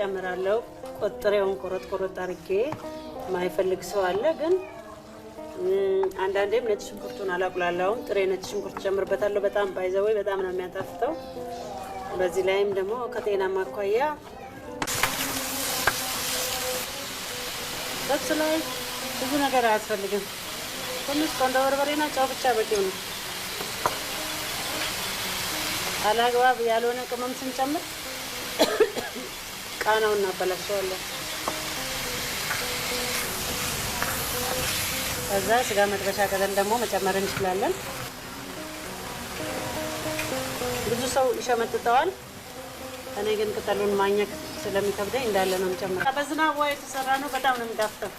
ጨምራለሁ። ቆጥሬውን ቆረጥ ቆረጥ አድርጌ ማይፈልግ ሰው አለ ግን አንዳንዴም ነጭ ሽንኩርቱን አላቁላላውም። ጥሬ ነጭ ሽንኩርት ጨምርበታለሁ። በጣም ባይዘወይ በጣም ነው የሚያጣፍጠው። በዚህ ላይም ደግሞ ከጤና ማኳያ። ጥብስ ላይ ብዙ ነገር አያስፈልግም። ትንሽ ቆንዶ በርበሬና ጨው ብቻ በቂው ነው። አላግባብ ያልሆነ ቅመም ስንጨምር ቃናው እናበላሸዋለን። ከዛ ስጋ መጥበሻ ቀለም ደግሞ መጨመር እንችላለን። ብዙ ሰው ይሸመጥጠዋል። እኔ ግን ቅጠሉን ማግኘት ስለሚከብደኝ እንዳለ ነው የምጨምረው። በዝናብ የተሰራ ነው። በጣም ነው የሚጣፍጠው።